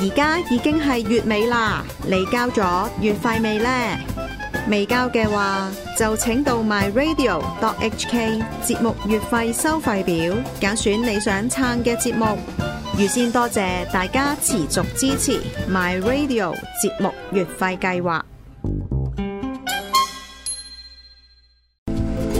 而家已經係月尾啦，你交咗月費未呢？未交嘅話，就請到 MyRadio.hk 節目月費收費表，揀選你想撐嘅節目。預先多謝大家持續支持 My Radio 節目月費計劃。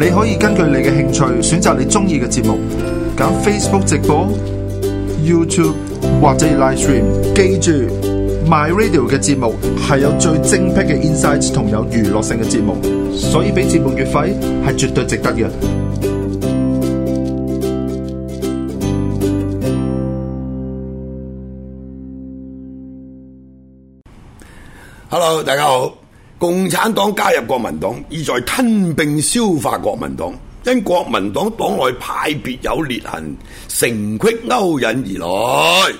你可以根據你嘅興趣選擇你鍾意嘅節目，揀 Facebook 直播、YouTube 或者 Live Stream。記住，My Radio 嘅節目係有最精辟嘅 insight 同有娛樂性嘅節目，所以俾節目月費係絕對值得嘅。Hello，大家好。共產黨加入國民黨，意在吞併消化國民黨，因國民黨黨內派別有裂痕，成隙勾引而來。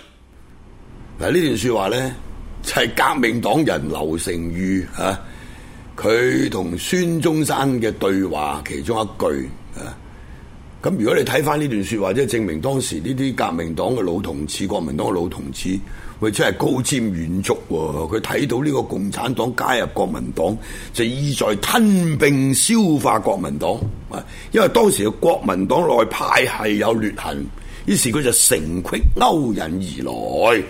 嗱，呢段說話呢，就係、是、革命黨人劉成宇，啊，佢同孫中山嘅對話其中一句啊。咁如果你睇翻呢段說話，即係證明當時呢啲革命黨嘅老同志、國民黨嘅老同志。佢真係高瞻遠矚喎！佢睇到呢個共產黨加入國民黨，就意在吞併消化國民黨啊！因為當時嘅國民黨內派系有裂痕，於是佢就乘隙勾引而來。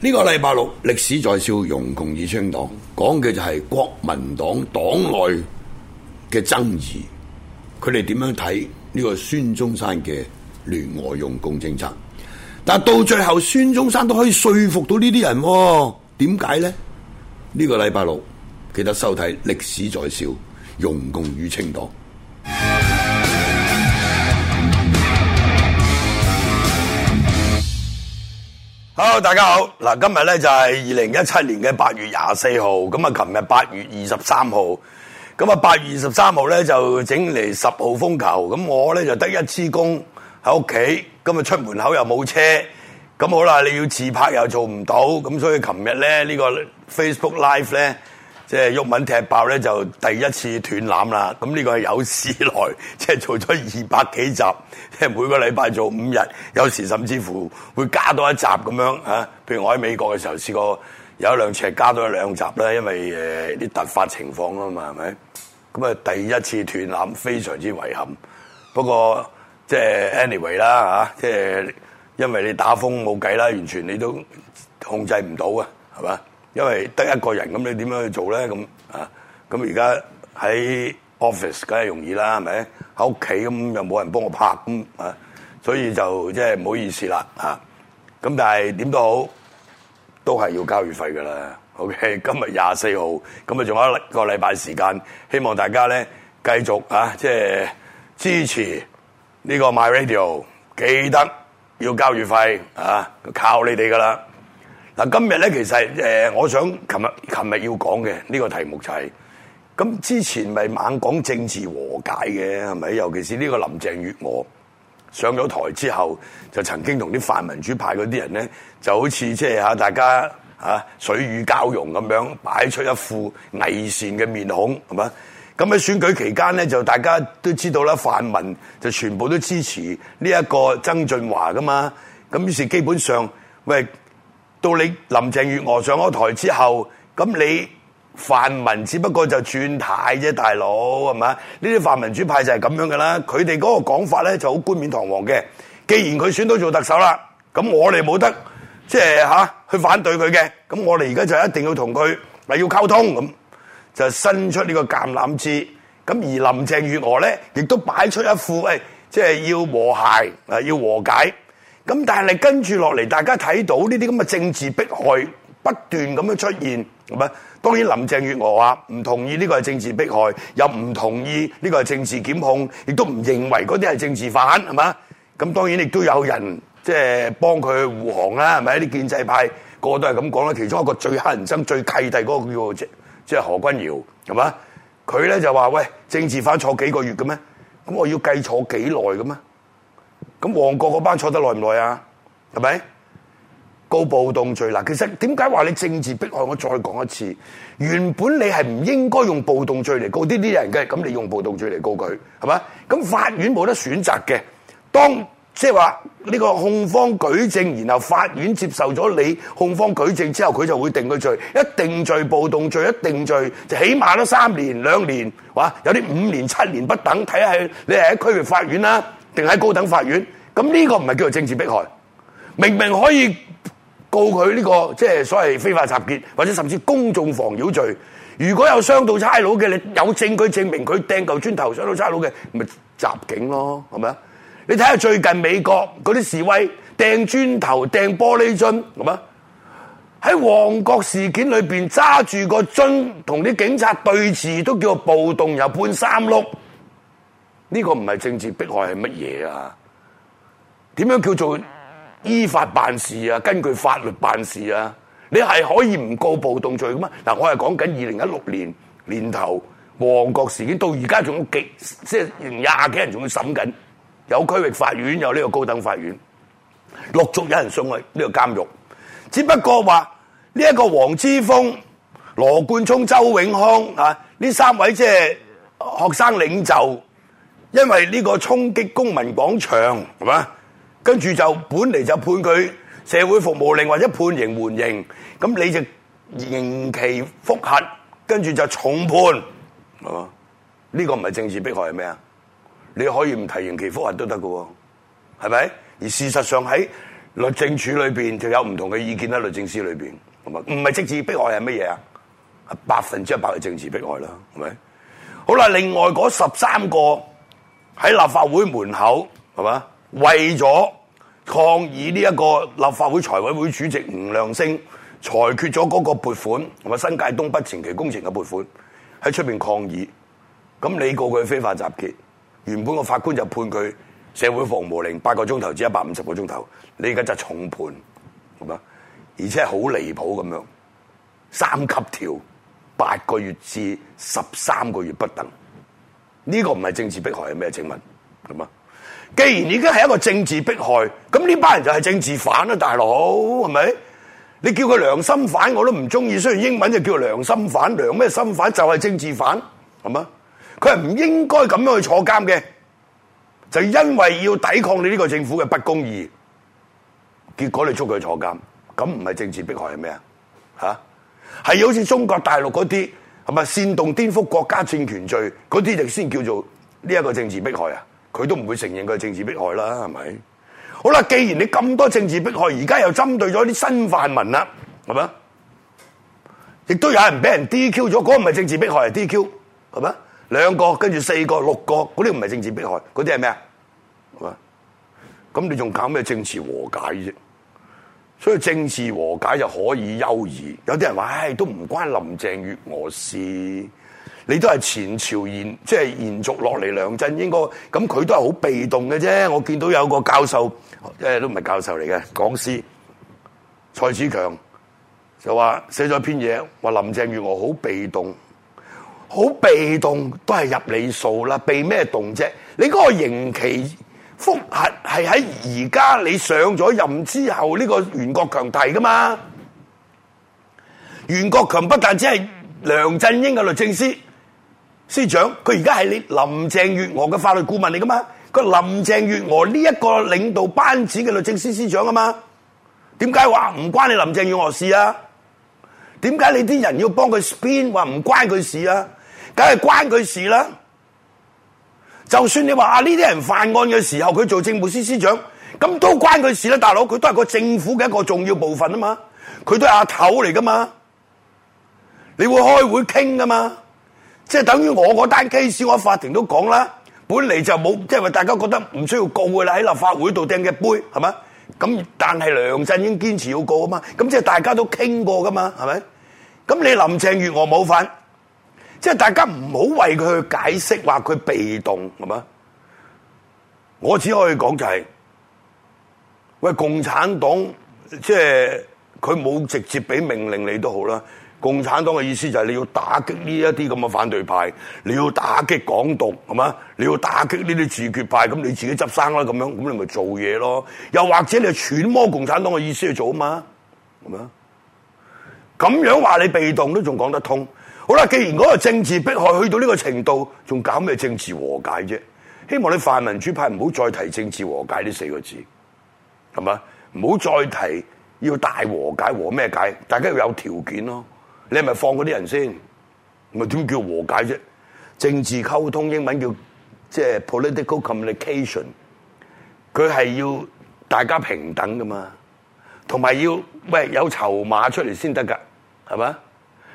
呢、這個禮拜六歷史在笑，容共清黨講嘅就係國民黨黨內嘅爭議，佢哋點樣睇呢個孫中山嘅聯俄容共政策？但到最後，孫中山都可以說服到呢啲人喎？點解呢？呢個禮拜六記得收睇《歷史在笑》容共與清黨。Hello 大家好。嗱，今日呢就係二零一七年嘅八月廿四號。咁啊，琴日八月二十三號。咁啊，八月二十三號呢就整嚟十號風球。咁我呢就得一次工喺屋企。今日出門口又冇車，咁好啦！你要自拍又做唔到，咁所以琴日咧呢、呢個 Facebook Live 咧，即係毓民踢爆咧就第一次斷纜啦。咁呢個係有史來，即係做咗二百幾集，即係每個禮拜做五日，有時甚至乎會加多一集咁樣嚇。譬如我喺美國嘅時候試過有一兩次係加多一兩集啦，因為誒啲、呃、突發情況啊嘛，係咪？咁啊，第一次斷纜非常之遺憾，不過。即係 anyway 啦嚇，即係因為你打風冇計啦，完全你都控制唔到啊，係嘛？因為得一個人咁，你點樣去做咧？咁啊，咁而家喺 office 梗係容易啦，係咪？喺屋企咁又冇人幫我拍咁啊，所以就即係唔好意思啦嚇。咁但係點都好，都係要交月費㗎啦。OK，今日廿四號，咁啊仲有一個禮拜時間，希望大家咧繼續啊，即係支持。呢個 My Radio 記得要交月費啊，靠你哋噶啦！嗱，今日咧其實誒、呃，我想琴、呃、日琴日要講嘅呢個題目就係、是，咁之前咪猛講政治和解嘅，係咪？尤其是呢個林鄭月娥上咗台之後，就曾經同啲泛民主派嗰啲人咧，就好似即係嚇大家嚇、啊、水乳交融咁樣，擺出一副偽善嘅面孔，係咪？咁喺選舉期間咧，就大家都知道啦。泛民就全部都支持呢一個曾俊華噶嘛。咁於是基本上，喂，到你林鄭月娥上咗台之後，咁你泛民只不過就轉態啫，大佬係咪啊？呢啲泛民主派就係咁樣噶啦。佢哋嗰個講法咧就好冠冕堂皇嘅。既然佢選到做特首啦，咁我哋冇得即係吓，去反對佢嘅。咁我哋而家就一定要同佢嚟要溝通咁。就伸出呢個橄欖枝，咁而林鄭月娥咧，亦都擺出一副誒，即係要和諧啊，要和解。咁但係跟住落嚟，大家睇到呢啲咁嘅政治迫害不斷咁樣出現，係咪？當然林鄭月娥話唔同意呢個係政治迫害，又唔同意呢個係政治檢控，亦都唔認為嗰啲係政治犯。係咪？咁當然亦都有人即係幫佢護航啦，係咪？啲建制派個個都係咁講啦。其中一個最黑人憎、最契弟嗰、那個叫。即係何君堯係嘛？佢咧就話喂，政治犯坐幾個月嘅咩？咁我要計坐幾耐嘅咩？咁旺角嗰班坐得耐唔耐啊？係咪？告暴動罪嗱，其實點解話你政治迫害？我再講一次，原本你係唔應該用暴動罪嚟告呢啲人嘅，咁你用暴動罪嚟告佢，係嘛？咁法院冇得選擇嘅，當。即係話呢個控方舉證，然後法院接受咗你控方舉證之後，佢就會定佢罪。一定罪暴動罪，一定罪就起碼都三年、兩年，哇！有啲五年、七年不等，睇下你係喺區域法院啦，定喺高等法院。咁呢個唔係叫做政治迫害，明明可以告佢呢個即係所謂非法集結或者甚至公眾妨擾罪。如果有傷到差佬嘅，你有證據證明佢掟嚿磚頭傷到差佬嘅，咪襲警咯，係咪啊？是你睇下最近美國嗰啲示威掟磚頭、掟玻璃樽，係嘛？喺旺角事件裏邊揸住個樽同啲警察對峙都叫暴動，又判三碌。呢個唔係政治迫害，係乜嘢啊？點樣叫做依法辦事啊？根據法律辦事啊？你係可以唔告暴動罪嘅咩？嗱，我係講緊二零一六年年頭旺角事件，到而家仲有幾即係廿幾人仲要審緊。有區域法院有呢個高等法院，陸續有人送去呢個監獄。只不過話呢一個黃之鋒、羅冠聰、周永康啊，呢三位即係學生領袖，因為呢個衝擊公民廣場係嘛，跟住就本嚟就判佢社會服務令或者判刑緩刑，咁你就刑期覆核，跟住就重判。係嘛，呢、這個唔係政治迫害係咩啊？你可以唔提刑期複核都得噶，係咪？而事實上喺律政署裏邊就有唔同嘅意見喺律政司裏邊，係嘛？唔係政治迫害係乜嘢啊？百分之一百係政治迫害啦，係咪？好啦，另外嗰十三個喺立法會門口，係嘛？為咗抗議呢一個立法會財委會主席吳亮星裁決咗嗰個撥款，係嘛？新界東北前期工程嘅撥款喺出邊抗議，咁你告佢非法集結？原本個法官就判佢社會服務令八個鐘頭至一百五十個鐘頭，你而家就重判，係嘛？而且好離譜咁樣，三級跳，八個月至十三個月不等。呢個唔係政治迫害係咩？請問，係嘛？既然而家係一個政治迫害，咁呢班人就係政治犯啦，大佬係咪？你叫佢良心犯我都唔中意，雖然英文就叫良心犯，良咩心犯就係政治犯，係嘛？佢唔應該咁樣去坐監嘅，就因為要抵抗你呢個政府嘅不公義，結果你捉佢去坐監，咁唔係政治迫害係咩啊？吓，係好似中國大陸嗰啲，係咪煽動顛覆國家政權罪嗰啲，就先叫做呢一個政治迫害啊？佢都唔會承認佢係政治迫害啦，係咪？好啦，既然你咁多政治迫害，而家又針對咗啲新泛民啦，係咪？亦都有人俾人 D Q 咗，嗰唔係政治迫害，係 D Q，係咪？兩個跟住四個六個，嗰啲唔係政治迫害，嗰啲係咩啊？係嘛？咁你仲搞咩政治和解啫？所以政治和解就可以休矣。有啲人話：唉，都唔關林鄭月娥事，你都係前朝延，即係延續落嚟梁振英個，咁佢都係好被動嘅啫。我見到有個教授，即係都唔係教授嚟嘅講師，蔡子強就話寫咗篇嘢，話林鄭月娥好被動。好被動都係入你數啦，被咩動啫？你嗰個刑期覆核係喺而家你上咗任之後呢個袁國強提噶嘛？袁國強不但只係梁振英嘅律政司司長，佢而家係你林鄭月娥嘅法律顧問嚟噶嘛？個林鄭月娥呢一個領導班子嘅律政司司長啊嘛？點解話唔關你林鄭月娥事啊？點解你啲人要幫佢 spin 話唔關佢事啊？梗係關佢事啦！就算你話啊，呢啲人犯案嘅時候，佢做政務司司長，咁都關佢事啦，大佬，佢都係個政府嘅一個重要部分啊嘛，佢都係阿頭嚟噶嘛，你會開會傾噶嘛？即係等於我嗰單 case。我喺法庭都講啦，本嚟就冇，即係話大家覺得唔需要告嘅啦，喺立法會度掟嘅杯係咪？咁但係梁振英堅持要告啊嘛？咁即係大家都傾過噶嘛？係咪？咁你林鄭月娥冇份。即係大家唔好為佢去解釋，話佢被動，係咪？我只可以講就係，喂，共產黨即係佢冇直接俾命令你都好啦。共產黨嘅意思就係你要打擊呢一啲咁嘅反對派，你要打擊港獨，係咪？你要打擊呢啲自決派，咁你自己執生啦，咁樣，咁你咪做嘢咯。又或者你揣摩共產黨嘅意思去做啊嘛，係咪？咁樣話你被動都仲講得通。好啦，既然嗰個政治迫害去到呢個程度，仲搞咩政治和解啫？希望你泛民主派唔好再提政治和解呢四個字，係嘛？唔好再提要大和解和咩解？大家要有條件咯。你係咪放嗰啲人先？咪點叫和解啫？政治溝通英文叫即係 political communication，佢係要大家平等噶嘛，同埋要咩有籌碼出嚟先得噶，係嘛？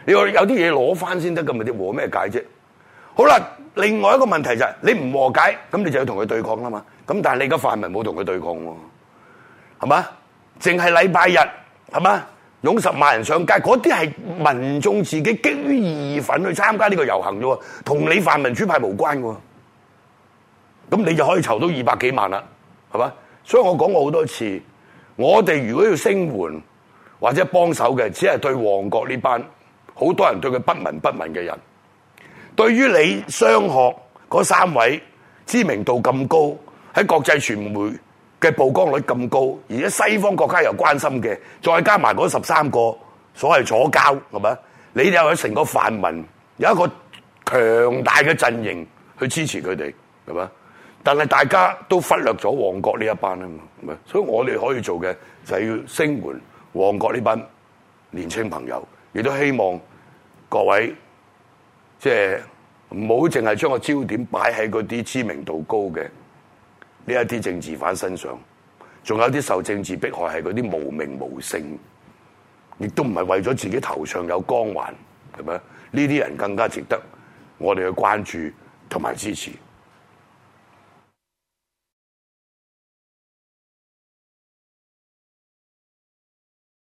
你要有啲嘢攞翻先得，咁咪叫和咩解啫？好啦，另外一個問題就係、是、你唔和解，咁你就要同佢對抗啦嘛。咁但係你而家泛民冇同佢對抗，係嘛？淨係禮拜日，係嘛？湧十萬人上街，嗰啲係民眾自己激於義憤去參加呢個遊行啫，同你泛民主派無關噶。咁你就可以籌到二百幾萬啦，係嘛？所以我講過好多次，我哋如果要聲援或者幫手嘅，只係對旺角呢班。好多人對佢不聞不問嘅人，對於你商學嗰三位知名度咁高，喺國際傳媒嘅曝光率咁高，而且西方國家又關心嘅，再加埋嗰十三個所謂左膠，係咪？你又有成個泛民有一個強大嘅陣營去支持佢哋，係咪？但係大家都忽略咗旺角呢一班啊嘛，所以我哋可以做嘅就係要聲援旺角呢班年青朋友。亦都希望各位即係唔好淨係將個焦點擺喺嗰啲知名度高嘅呢一啲政治犯身上，仲有啲受政治迫害係嗰啲無名無姓，亦都唔係為咗自己頭上有光環係咪？呢啲人更加值得我哋去關注同埋支持。